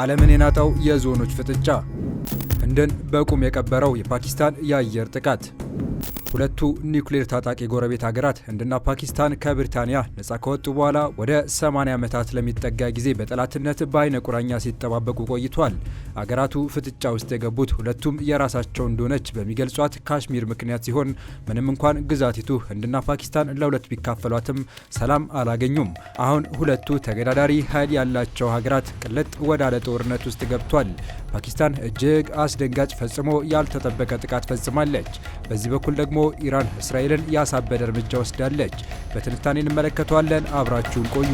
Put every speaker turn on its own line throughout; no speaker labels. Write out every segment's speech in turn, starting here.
ዓለምን የናጠው የዞኖች ፍጥጫ፣ ህንድን በቁም የቀበረው የፓኪስታን የአየር ጥቃት ሁለቱ ኒውክሌር ታጣቂ ጎረቤት ሀገራት ህንድና ፓኪስታን ከብሪታንያ ነጻ ከወጡ በኋላ ወደ 80 ዓመታት ለሚጠጋ ጊዜ በጠላትነት በአይነ ቁራኛ ሲጠባበቁ ቆይቷል። አገራቱ ፍጥጫ ውስጥ የገቡት ሁለቱም የራሳቸው እንደሆነች በሚገልጿት ካሽሚር ምክንያት ሲሆን ምንም እንኳን ግዛቲቱ ህንድና ፓኪስታን ለሁለት ቢካፈሏትም ሰላም አላገኙም። አሁን ሁለቱ ተገዳዳሪ ኃይል ያላቸው ሀገራት ቅልጥ ወዳለ ጦርነት ውስጥ ገብቷል። ፓኪስታን እጅግ አስደንጋጭ ፈጽሞ ያልተጠበቀ ጥቃት ፈጽማለች። በዚህ በኩል ደግሞ ኢራን እስራኤልን ያሳበደ እርምጃ ወስዳለች። በትንታኔ እንመለከተዋለን። አብራችሁን ቆዩ።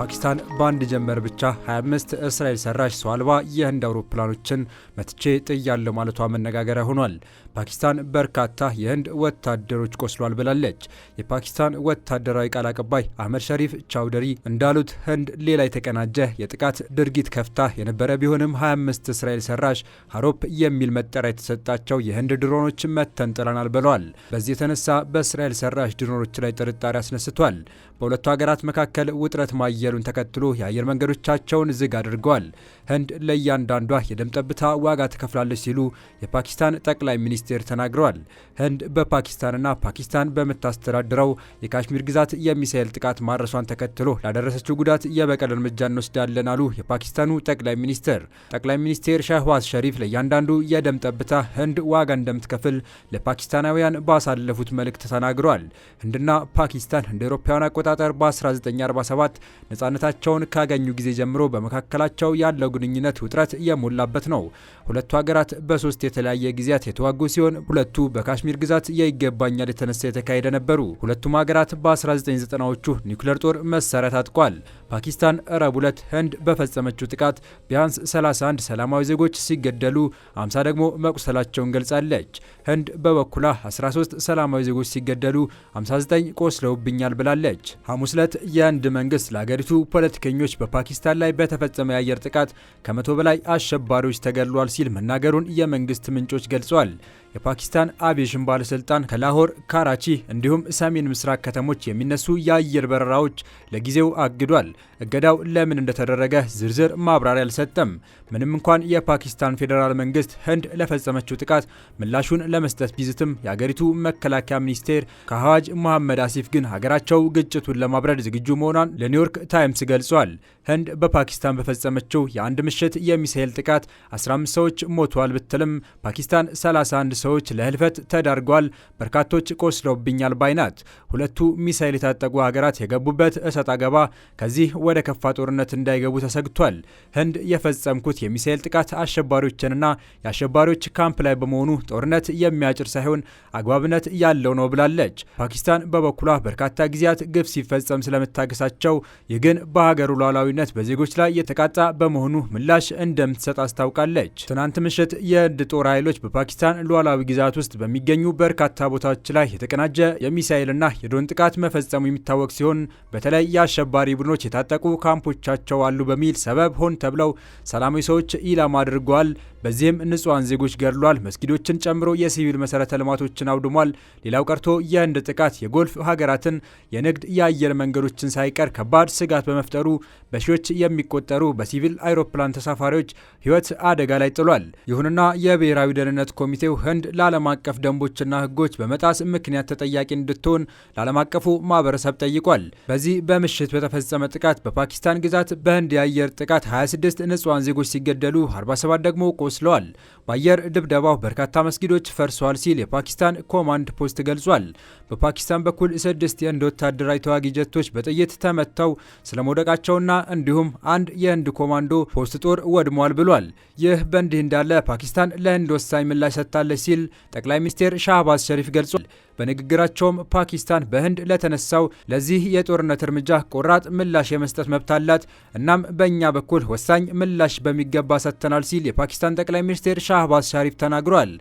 ፓኪስታን በአንድ ጀንበር ብቻ 25 እስራኤል ሰራሽ ሰው አልባ የህንድ አውሮፕላኖችን መትቼ ጥያለሁ ማለቷ መነጋገሪያ ሆኗል። ፓኪስታን በርካታ የህንድ ወታደሮች ቆስሏል ብላለች። የፓኪስታን ወታደራዊ ቃል አቀባይ አህመድ ሸሪፍ ቻውደሪ እንዳሉት ህንድ ሌላ የተቀናጀ የጥቃት ድርጊት ከፍታ የነበረ ቢሆንም 25 እስራኤል ሰራሽ ሀሮፕ የሚል መጠሪያ የተሰጣቸው የህንድ ድሮኖች መተን ብለዋል። በዚህ የተነሳ በእስራኤል ሰራሽ ድሮኖች ላይ ጥርጣሬ አስነስቷል። በሁለቱ ሀገራት መካከል ውጥረት ማየሉን ተከትሎ የአየር መንገዶቻቸውን ዝግ አድርገዋል። ህንድ ለእያንዳንዷ የደም ጠብታ ዋጋ ትከፍላለች ሲሉ የፓኪስታን ጠቅላይ ሚኒስትር ሚኒስቴር ተናግረዋል። ህንድ በፓኪስታንና ፓኪስታን በምታስተዳድረው የካሽሚር ግዛት የሚሳኤል ጥቃት ማድረሷን ተከትሎ ላደረሰችው ጉዳት የበቀል እርምጃ እንወስዳለን አሉ የፓኪስታኑ ጠቅላይ ሚኒስትር። ጠቅላይ ሚኒስቴር ሻህዋዝ ሸሪፍ ለእያንዳንዱ የደም ጠብታ ህንድ ዋጋ እንደምትከፍል ለፓኪስታናውያን ባሳለፉት መልእክት ተናግረዋል። ህንድና ፓኪስታን እንደ አውሮፓውያን አቆጣጠር በ1947 ነጻነታቸውን ካገኙ ጊዜ ጀምሮ በመካከላቸው ያለው ግንኙነት ውጥረት የሞላበት ነው። ሁለቱ ሀገራት በሶስት የተለያየ ጊዜያት የተዋጉ ሲሆን ሁለቱ በካሽሚር ግዛት የይገባኛል የተነሳ የተካሄደ ነበሩ። ሁለቱም ሀገራት በ1990ዎቹ ኒውክሌር ጦር መሳሪያ ታጥቋል። ፓኪስታን ረብ ሁለት ህንድ በፈጸመችው ጥቃት ቢያንስ 31 ሰላማዊ ዜጎች ሲገደሉ 50 ደግሞ መቁሰላቸውን ገልጻለች። ህንድ በበኩላ 13 ሰላማዊ ዜጎች ሲገደሉ 59 ቆስለውብኛል ብላለች። ሐሙስ ዕለት የህንድ መንግስት ለአገሪቱ ፖለቲከኞች በፓኪስታን ላይ በተፈጸመ የአየር ጥቃት ከመቶ በላይ አሸባሪዎች ተገድሏል ሲል መናገሩን የመንግስት ምንጮች ገልጿል። የፓኪስታን አቪዬሽን ባለስልጣን ከላሆር፣ ካራቺ እንዲሁም ሰሜን ምስራቅ ከተሞች የሚነሱ የአየር በረራዎች ለጊዜው አግዷል። እገዳው ለምን እንደተደረገ ዝርዝር ማብራሪያ አልሰጠም። ምንም እንኳን የፓኪስታን ፌዴራል መንግስት ህንድ ለፈጸመችው ጥቃት ምላሹን ለመስጠት ቢዝትም የአገሪቱ መከላከያ ሚኒስቴር ከአዋጅ መሐመድ አሲፍ ግን ሀገራቸው ግጭቱን ለማብረድ ዝግጁ መሆኗን ለኒውዮርክ ታይምስ ገልጿል። ህንድ በፓኪስታን በፈጸመችው የአንድ ምሽት የሚሳኤል ጥቃት 15 ሰዎች ሞቷል ብትልም ፓኪስታን 31 ሰዎች ለህልፈት ተዳርጓል፣ በርካቶች ቆስለውብኛል ባይ ናት። ሁለቱ ሚሳይል የታጠቁ ሀገራት የገቡበት እሰጥ አገባ ከዚህ ወደ ከፋ ጦርነት እንዳይገቡ ተሰግቷል። ህንድ የፈጸምኩት የሚሳይል ጥቃት አሸባሪዎችንና የአሸባሪዎች ካምፕ ላይ በመሆኑ ጦርነት የሚያጭር ሳይሆን አግባብነት ያለው ነው ብላለች። ፓኪስታን በበኩሏ በርካታ ጊዜያት ግፍ ሲፈጸም ስለምታገሳቸው ይህ ግን በሀገሩ ሉዓላዊነት በዜጎች ላይ የተቃጣ በመሆኑ ምላሽ እንደምትሰጥ አስታውቃለች። ትናንት ምሽት የህንድ ጦር ኃይሎች በፓኪስታን ሉዓላ በማዕከላዊ ግዛት ውስጥ በሚገኙ በርካታ ቦታዎች ላይ የተቀናጀ የሚሳኤልና የድሮን ጥቃት መፈጸሙ የሚታወቅ ሲሆን በተለይ የአሸባሪ ቡድኖች የታጠቁ ካምፖቻቸው አሉ በሚል ሰበብ ሆን ተብለው ሰላማዊ ሰዎች ኢላማ አድርገዋል። በዚህም ንጹሐን ዜጎች ገድሏል። መስጊዶችን ጨምሮ የሲቪል መሰረተ ልማቶችን አውድሟል። ሌላው ቀርቶ የህንድ ጥቃት የጎልፍ ሀገራትን የንግድ የአየር መንገዶችን ሳይቀር ከባድ ስጋት በመፍጠሩ በሺዎች የሚቆጠሩ በሲቪል አይሮፕላን ተሳፋሪዎች ህይወት አደጋ ላይ ጥሏል። ይሁንና የብሔራዊ ደህንነት ኮሚቴው ዘንድ ለዓለም አቀፍ ደንቦችና ሕጎች በመጣስ ምክንያት ተጠያቂ እንድትሆን ለዓለም አቀፉ ማህበረሰብ ጠይቋል። በዚህ በምሽት በተፈጸመ ጥቃት በፓኪስታን ግዛት በህንድ የአየር ጥቃት 26 ንጹሐን ዜጎች ሲገደሉ 47 ደግሞ ቆስለዋል። በአየር ድብደባው በርካታ መስጊዶች ፈርሰዋል ሲል የፓኪስታን ኮማንድ ፖስት ገልጿል። በፓኪስታን በኩል ስድስት የህንድ ወታደራዊ ተዋጊ ጀቶች በጥይት ተመተው ስለመውደቃቸውና እንዲሁም አንድ የህንድ ኮማንዶ ፖስት ጦር ወድሟል ብሏል። ይህ በእንዲህ እንዳለ ፓኪስታን ለህንድ ወሳኝ ምላሽ ሰጥታለች ሲል ጠቅላይ ሚኒስትር ሻህባዝ ሸሪፍ ገልጿል። በንግግራቸውም ፓኪስታን በህንድ ለተነሳው ለዚህ የጦርነት እርምጃ ቆራጥ ምላሽ የመስጠት መብት አላት፣ እናም በእኛ በኩል ወሳኝ ምላሽ በሚገባ ሰጥተናል ሲል የፓኪስታን ጠቅላይ ሚኒስትር ሻህባዝ ሻሪፍ ተናግሯል።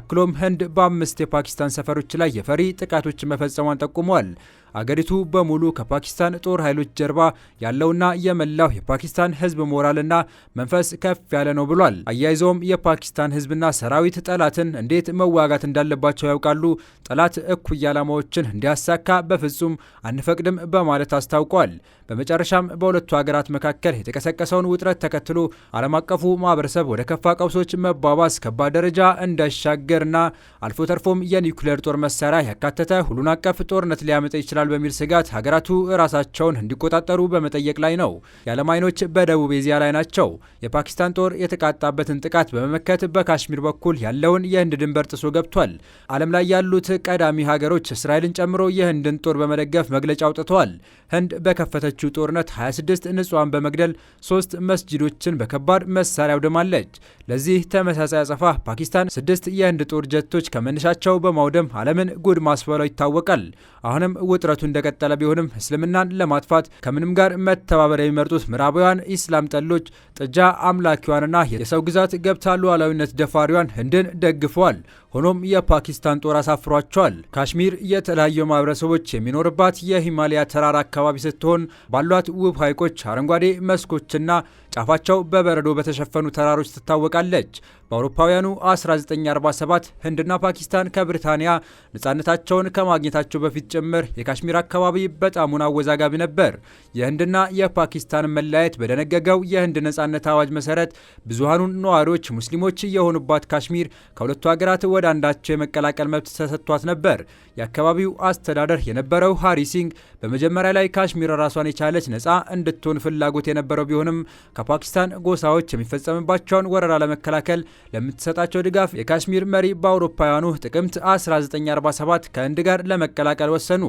አክሎም ህንድ በአምስት የፓኪስታን ሰፈሮች ላይ የፈሪ ጥቃቶች መፈጸሟን ጠቁመዋል። አገሪቱ በሙሉ ከፓኪስታን ጦር ኃይሎች ጀርባ ያለውና የመላው የፓኪስታን ህዝብ ሞራልና መንፈስ ከፍ ያለ ነው ብሏል። አያይዘውም የፓኪስታን ህዝብና ሰራዊት ጠላትን እንዴት መዋጋት እንዳለባቸው ያውቃሉ። ጠላት እኩይ ዓላማዎችን እንዲያሳካ በፍጹም አንፈቅድም በማለት አስታውቋል። በመጨረሻም በሁለቱ ሀገራት መካከል የተቀሰቀሰውን ውጥረት ተከትሎ ዓለም አቀፉ ማህበረሰብ ወደ ከፋ ቀውሶች መባባስ ከባድ ደረጃ እንዳይሻገርና አልፎ ተርፎም የኒውክሌር ጦር መሳሪያ ያካተተ ሁሉን አቀፍ ጦርነት ሊያመጣ ይችላል በሚል ስጋት ሀገራቱ ራሳቸውን እንዲቆጣጠሩ በመጠየቅ ላይ ነው። የዓለም አይኖች በደቡብ ኤዚያ ላይ ናቸው። የፓኪስታን ጦር የተቃጣበትን ጥቃት በመመከት በካሽሚር በኩል ያለውን የህንድ ድንበር ጥሶ ገብቷል። ዓለም ላይ ያሉት ቀዳሚ ተፋላሚ ሀገሮች እስራኤልን ጨምሮ የህንድን ጦር በመደገፍ መግለጫ አውጥተዋል። ህንድ በከፈተችው ጦርነት 26 ንጹሐን በመግደል ሶስት መስጂዶችን በከባድ መሳሪያ አውድማለች። ለዚህ ተመሳሳይ አጸፋ ፓኪስታን ስድስት የህንድ ጦር ጀቶች ከመነሻቸው በማውደም ዓለምን ጉድ ማስበላው ይታወቃል። አሁንም ውጥረቱ እንደቀጠለ ቢሆንም እስልምናን ለማጥፋት ከምንም ጋር መተባበር የሚመርጡት ምዕራባውያን ኢስላም ጠሎች ጥጃ አምላኪዋንና የሰው ግዛት ገብታ ሉዓላዊነት ደፋሪዋን ህንድን ደግፈዋል። ሆኖም የፓኪስታን ጦር አሳፍሯቸዋል። ካሽሚር የተለያዩ ማህበረሰቦች የሚኖርባት የሂማሊያ ተራራ አካባቢ ስትሆን ባሏት ውብ ሐይቆች፣ አረንጓዴ መስኮችና ጫፋቸው በበረዶ በተሸፈኑ ተራሮች ትታወቃለች። በአውሮፓውያኑ 1947 ህንድና ፓኪስታን ከብሪታንያ ነፃነታቸውን ከማግኘታቸው በፊት ጭምር የካሽሚር አካባቢ በጣሙን አወዛጋቢ ነበር። የህንድና የፓኪስታን መለያየት በደነገገው የህንድ ነፃነት አዋጅ መሰረት ብዙሃኑን ነዋሪዎች ሙስሊሞች የሆኑባት ካሽሚር ከሁለቱ ሀገራት ወደ አንዳቸው የመቀላቀል መብት ተሰጥቷት ነበር። የአካባቢው አስተዳደር የነበረው ሃሪ ሲንግ በመጀመሪያ ላይ ካሽሚር ራሷን የቻለች ነፃ እንድትሆን ፍላጎት የነበረው ቢሆንም ከፓኪስታን ጎሳዎች የሚፈጸምባቸውን ወረራ ለመከላከል ለምትሰጣቸው ድጋፍ የካሽሚር መሪ በአውሮፓውያኑ ጥቅምት 1947 ከህንድ ጋር ለመቀላቀል ወሰኑ።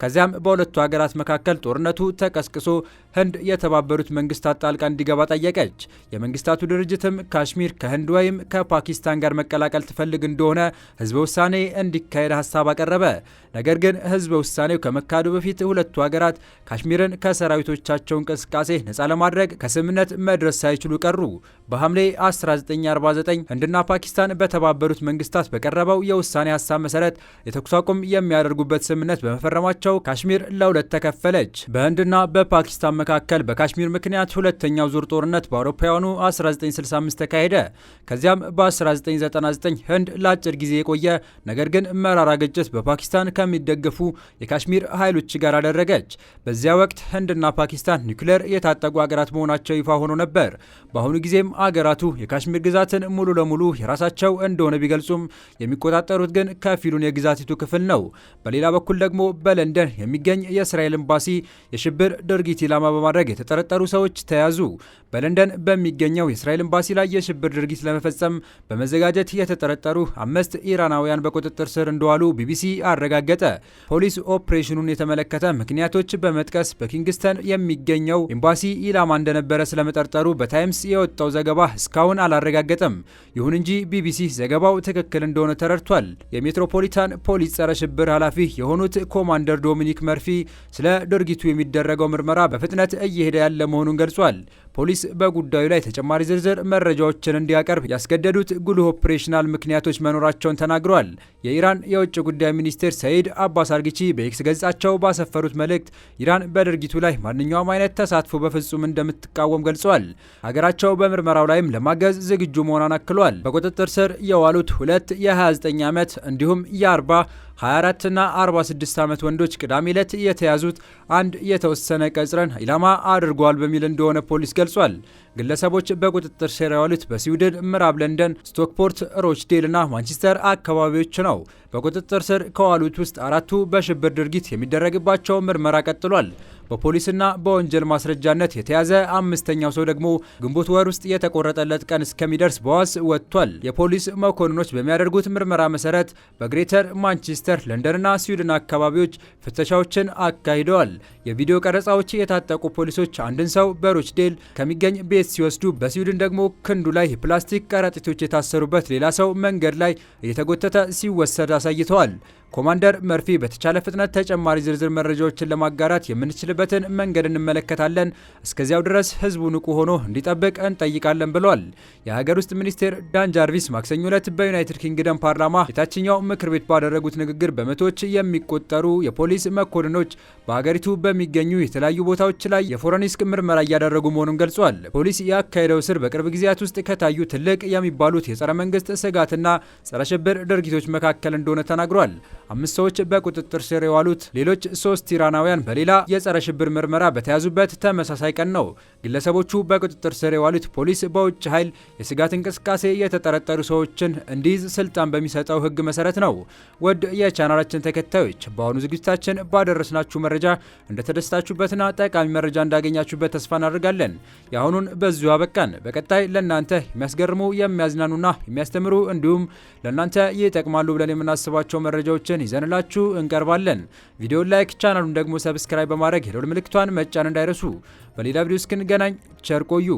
ከዚያም በሁለቱ ሀገራት መካከል ጦርነቱ ተቀስቅሶ ህንድ የተባበሩት መንግስታት ጣልቃ እንዲገባ ጠየቀች። የመንግስታቱ ድርጅትም ካሽሚር ከህንድ ወይም ከፓኪስታን ጋር መቀላቀል ትፈልግ እንደሆነ ህዝበ ውሳኔ እንዲካሄድ ሀሳብ አቀረበ። ነገር ግን ህዝበ ውሳኔው ከመካሄዱ በፊት ሁለቱ ሀገራት ካሽሚርን ከሰራዊቶቻቸው እንቅስቃሴ ነጻ ለማድረግ ከስምምነት መድረስ ሳይችሉ ቀሩ። በሐምሌ 1949 2019 ህንድና ፓኪስታን በተባበሩት መንግስታት በቀረበው የውሳኔ ሀሳብ መሰረት የተኩስ አቁም የሚያደርጉበት ስምምነት በመፈረማቸው ካሽሚር ለሁለት ተከፈለች። በህንድና በፓኪስታን መካከል በካሽሚር ምክንያት ሁለተኛው ዙር ጦርነት በአውሮፓውያኑ 1965 ተካሄደ። ከዚያም በ1999 ህንድ ለአጭር ጊዜ የቆየ ነገር ግን መራራ ግጭት በፓኪስታን ከሚደገፉ የካሽሚር ኃይሎች ጋር አደረገች። በዚያ ወቅት ህንድና ፓኪስታን ኒውክሌር የታጠቁ አገራት መሆናቸው ይፋ ሆኖ ነበር። በአሁኑ ጊዜም አገራቱ የካሽሚር ግዛትን ሙሉ ሙሉ ለሙሉ የራሳቸው እንደሆነ ቢገልጹም የሚቆጣጠሩት ግን ከፊሉን የግዛቲቱ ክፍል ነው። በሌላ በኩል ደግሞ በለንደን የሚገኝ የእስራኤል ኤምባሲ የሽብር ድርጊት ኢላማ በማድረግ የተጠረጠሩ ሰዎች ተያዙ። በለንደን በሚገኘው የእስራኤል ኤምባሲ ላይ የሽብር ድርጊት ለመፈጸም በመዘጋጀት የተጠረጠሩ አምስት ኢራናውያን በቁጥጥር ስር እንደዋሉ ቢቢሲ አረጋገጠ። ፖሊስ ኦፕሬሽኑን የተመለከተ ምክንያቶች በመጥቀስ በኪንግስተን የሚገኘው ኤምባሲ ኢላማ እንደነበረ ስለመጠርጠሩ በታይምስ የወጣው ዘገባ እስካሁን አላረጋገጠም። ይሁን እንጂ ቢቢሲ ዘገባው ትክክል እንደሆነ ተረድቷል። የሜትሮፖሊታን ፖሊስ ጸረ ሽብር ኃላፊ የሆኑት ኮማንደር ዶሚኒክ መርፊ ስለ ድርጊቱ የሚደረገው ምርመራ በፍጥነት እየሄደ ያለ መሆኑን ገልጿል። ፖሊስ በጉዳዩ ላይ ተጨማሪ ዝርዝር መረጃዎችን እንዲያቀርብ ያስገደዱት ጉልህ ኦፕሬሽናል ምክንያቶች መኖራቸውን ተናግሯል። የኢራን የውጭ ጉዳይ ሚኒስቴር ሰይድ አባስ አርጊቺ በኤክስ ገጻቸው ባሰፈሩት መልእክት ኢራን በድርጊቱ ላይ ማንኛውም አይነት ተሳትፎ በፍጹም እንደምትቃወም ገልጿል። ሀገራቸው በምርመራው ላይም ለማገዝ ዝግጁ መሆኗን አክሏል። በቁጥጥር ስር የዋሉት ሁለት የ29 ዓመት እንዲሁም የ40 24 እና 46 ዓመት ወንዶች ቅዳሜ ዕለት የተያዙት አንድ የተወሰነ ቀጽረን ኢላማ አድርጓል በሚል እንደሆነ ፖሊስ ገልጿል። ግለሰቦች በቁጥጥር ስር የዋሉት በስዊድን፣ ምዕራብ ለንደን፣ ስቶክፖርት፣ ሮችዴል እና ማንቸስተር አካባቢዎች ነው። በቁጥጥር ስር ከዋሉት ውስጥ አራቱ በሽብር ድርጊት የሚደረግባቸው ምርመራ ቀጥሏል። በፖሊስና በወንጀል ማስረጃነት የተያዘ አምስተኛው ሰው ደግሞ ግንቦት ወር ውስጥ የተቆረጠለት ቀን እስከሚደርስ በዋስ ወጥቷል። የፖሊስ መኮንኖች በሚያደርጉት ምርመራ መሰረት በግሬተር ማንቸስተር፣ ለንደንና ስዊድን አካባቢዎች ፍተሻዎችን አካሂደዋል። የቪዲዮ ቀረጻዎች የታጠቁ ፖሊሶች አንድን ሰው በሮችዴል ከሚገኝ ቤት ሲወስዱ፣ በስዊድን ደግሞ ክንዱ ላይ የፕላስቲክ ከረጢቶች የታሰሩበት ሌላ ሰው መንገድ ላይ እየተጎተተ ሲወሰድ አሳይተዋል። ኮማንደር መርፊ በተቻለ ፍጥነት ተጨማሪ ዝርዝር መረጃዎችን ለማጋራት የምንችልበትን መንገድ እንመለከታለን። እስከዚያው ድረስ ህዝቡ ንቁ ሆኖ እንዲጠብቅ እንጠይቃለን ብለዋል። የሀገር ውስጥ ሚኒስቴር ዳን ጃርቪስ ማክሰኞ ዕለት በዩናይትድ ኪንግደም ፓርላማ የታችኛው ምክር ቤት ባደረጉት ንግግር በመቶዎች የሚቆጠሩ የፖሊስ መኮንኖች በሀገሪቱ በሚገኙ የተለያዩ ቦታዎች ላይ የፎረኒስክ ምርመራ እያደረጉ መሆኑን ገልጿል። ፖሊስ ያካሄደው ስር በቅርብ ጊዜያት ውስጥ ከታዩ ትልቅ የሚባሉት የጸረ መንግስት ስጋትና ጸረ ሽብር ድርጊቶች መካከል እንደሆነ ተናግሯል። አምስት ሰዎች በቁጥጥር ስር የዋሉት ሌሎች ሶስት ኢራናውያን በሌላ የጸረ ሽብር ምርመራ በተያዙበት ተመሳሳይ ቀን ነው። ግለሰቦቹ በቁጥጥር ስር የዋሉት ፖሊስ በውጭ ኃይል የስጋት እንቅስቃሴ የተጠረጠሩ ሰዎችን እንዲይዝ ስልጣን በሚሰጠው ሕግ መሰረት ነው። ውድ የቻናላችን ተከታዮች በአሁኑ ዝግጅታችን ባደረስናችሁ መረጃ እንደተደስታችሁበትና ጠቃሚ መረጃ እንዳገኛችሁበት ተስፋ እናደርጋለን። የአሁኑን በዚሁ አበቃን። በቀጣይ ለእናንተ የሚያስገርሙ የሚያዝናኑና የሚያስተምሩ እንዲሁም ለእናንተ ይጠቅማሉ ብለን የምናስባቸው መረጃዎችን መረጃዎችን ይዘንላችሁ እንቀርባለን። ቪዲዮን ላይክ፣ ቻናሉን ደግሞ ሰብስክራይብ በማድረግ የደወል ምልክቷን መጫን እንዳይረሱ። በሌላ ቪዲዮ እስክንገናኝ ቸር ቆዩ።